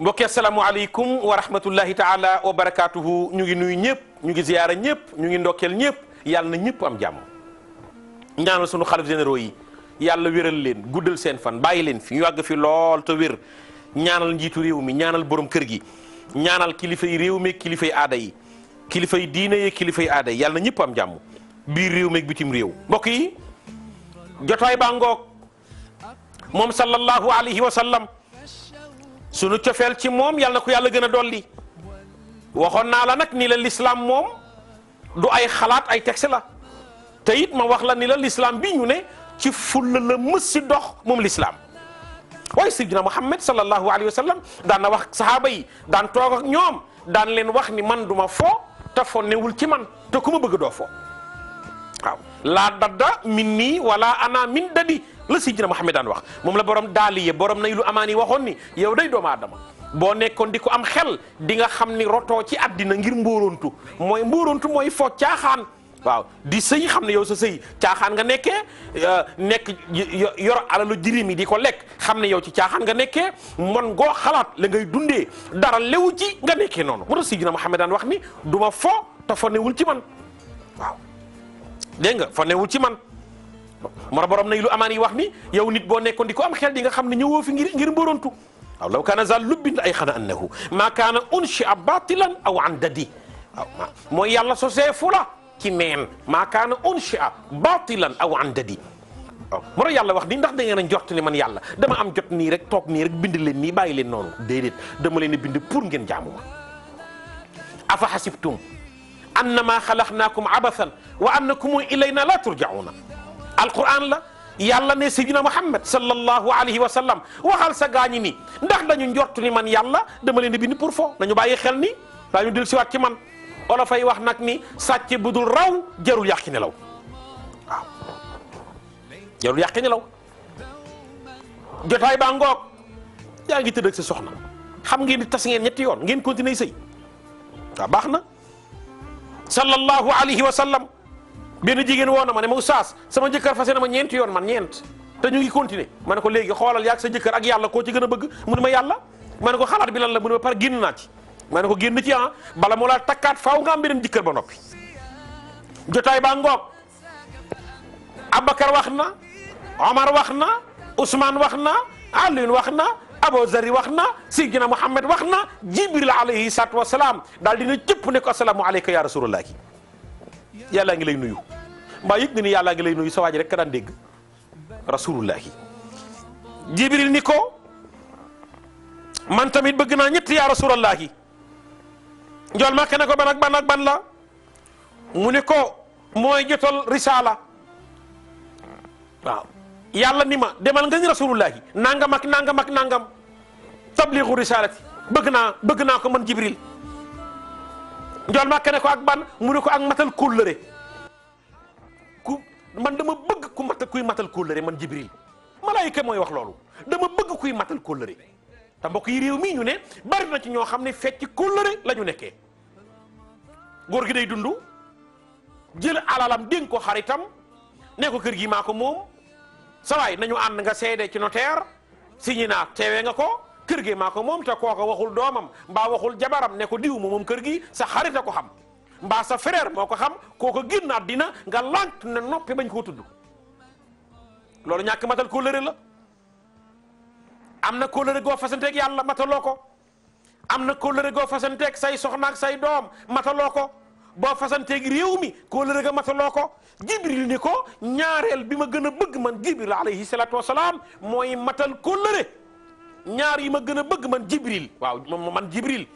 mbokki asalaamualeykum wa rahmatullahi taala wa barakaatuhu ñu ngi nuyu ñëpp ñu ngi ziyaara ñëpp ñu ngi ndokkeel ñëpp yàlla na ñëpp am jàmm ñaanal sunu xalif généraux yi yàlla wéral leen guddal seen fan bàyyi leen fi ñu àgg fi lool te wér ñaanal njiitu réew mi ñaanal boroom kër gi ñaanal kilifa yi réew mi kilifa yi aada yi kilifay yi diine yi kilifa aada yi yàlla na ñëpp am jàmm biir réew meeg bitim réew mbokk yi jotaay baa moom sallallahu alayhi wa sunu cofeel ci moom yàlla na ko yàlla gën a dolli waxoon naa la nag nii la lislaam moom du ay xalaat ay texte la te ma wax la ni la lislaam bi ñu ne ci fulla la mës si dox moom lislaam waaye sayyidina Muhammad sallallahu alayhi wa sallam daan na wax sahaaba yi daan toog ak ñoom daan leen wax ni man duma ma foo te fo newul ci man te ku ma bëgg doo foo waaw laa dadda min nii wala ana min dadi la Sidina Muhammad daan wax moom la borom daaliye borom nay lu amaani waxoon ni yow day doomu aadama boo nekkoon di ko am xel di nga xam ni roto ci àddina ngir mbóorontu mooy mbóorontu mooy fo caaxaan waaw di sëy xam ne yow sa sëy caaxaan nga nekkee euh, nekk yor alalu jirim yi di ko lekk xam ne yow ci caaxaan nga nekkee man ngoo xalaat la ngay dundee dara lewu ci nga nekkee noonu moo tax Sidina Muhammad daan wax ni du ma fo te fo newul ci man dégg nga fa newul ci man mara borom na lu amaan yi wax ni yow nit boo nekkoon di ko am xel di nga xam ne ñëwoo fi ngir ngir mbërontu waaw law kaana zal lubbin la ay xana annahu maa kaana unshia batilan aw an mooy yàlla sosee fu ci meen maa kaana unshia batilan aw an dadi waaw moro yàlla wax ni ndax da ngeen a njort ni man yàlla dama am jot nii rek toog nii rek bind leen nii bàyyi leen noonu déedéet dama leen a bind pour ngeen jaamu afa xasibtum annama xalaqnaakum abathan wa annakum ilayna la turjauna alquran la yàlla ne sayyidina muhammad sallallahu alayhi wa sallam waxal sa gaañi ni ndax dañu njort ni man yàlla dama leen di bind pour foo nañu bàyyi xel ni daañu del siwaat ci man olo fay wax nag ni sàcc bu dul raw jarul yàqi nelaw waaw jarul yàqi nelaw jotaay baa ngoog yaa ngi tëdd ak sa soxna xam ngeen di tas ngeen ñetti yoon ngeen continuer sëy waaw baax na sallallahu alayhi wa sallam benn jigéen woo na ma ne ma oustaz sama jëkkër fase na ma ñeenti yoon man ñeent te ñu ngi continuer ma ne ko léegi xoolal yaag sa jëkkër ak yàlla koo ci gën a bëgg mu ne ma yàlla ma ko xalaat bi lan la mu ne ma par génn naa ci ma ne ko génn ci ah bala moo laa takkaat faaw nga am beneen jëkkër ba noppi jotaay baa ngoog Abakar wax na Omar wax na Ousmane wax na Alioune wax na Abu wax na Sayyidina Muhammad wax na Jibril alayhi salaatu wa salaam daal dina cëpp ne ko asalaamu aleyka ya rasulallahi yàllaa ngi lay nuyu mbaa yëg nga ni daan dégg rasulullahi Jibril ni ko man tamit bëgg naa ñett ya rasulallahi njool ma ne ko ban ak ban la mu ne ko mooy jotal risala waaw ni ma demal nga ni rasulullahi nangam ak nangam ak nangam tabligu risalati bëgg naa bëgg naa ko man jibril njool màkke ne ko ak ban mu ne ko ak matal kóllëre ku man dama bëgg ku matal kuy matal kóllëre man jibril malaayika mooy wax loolu dama bëgg kuy matal kóllëre te mbokk yi réew mii ñu ne bari na ci ñoo xam ne fecc kóllëre la ñu nekkee góor gi day dund jël alalam dénk ko xaritam ne ko kër gi maa ko moom sawaay nañu ànd nga seede ci notaire signé naa teewee nga ko kër gi maako moom te kooka waxul doomam mbaa waxul jabaram ne ko diw ma moom kër gi sa xarita ko xam mbaa sa frère moo ko xam kooka génn àddina nga lànk ne noppi bañ koo tudd loolu ñàkk matal kóllëre la am na kóllëre goo fasanteeg yàlla mataloo ko am na kóllëre goo fasanteeg say soxnaak say doom mataloo ko boo fasanteeg réew mi kóllëre ga mataloo ko jibril ni ko ñaareel bi ma gën a bëgg man jibril alayhi salaatu wasalaam mooy matal kóllëre ñaar yi ma gën a bëgg man jibril waaw man jibril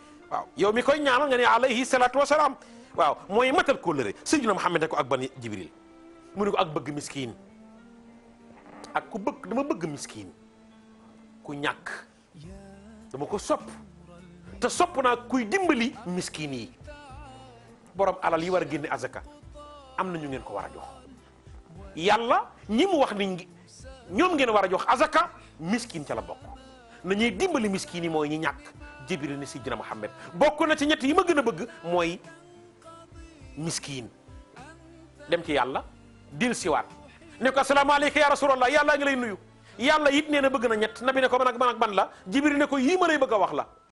yow mi koy ñaanal nga ne alayhi salatu wasalaam waaw mooy matal kóllëre sayyidina Muhammad ne ko ak ban jibril mu ni ko ak bëgg miskiin ak ku bëgg dama bëgg miskiin ku ñàkk dama ko sopp te sopp naa kuy dimbali miskiin yi borom alal yi war a génne azaka am na ñu ngeen ko war a jox yàlla ñi mu wax ni ñoom ngeen war a jox azaka miskiin ca la bokk na ñuy dimbali miskiin yi mooy ñi ñàkk jébiri ni Sidina Muhammad bokk na ci ñett yi ma gën a bëgg mooy miskiin dem ci yàlla dil siwaat ne ko asalaamaaleykum ya rasulallah yàllaa ngi lay nuyu yàlla it nee na bëgg na ñett nabi ne ko man ak man ak man la jibiri ne ko yii ma lay bëgg a wax la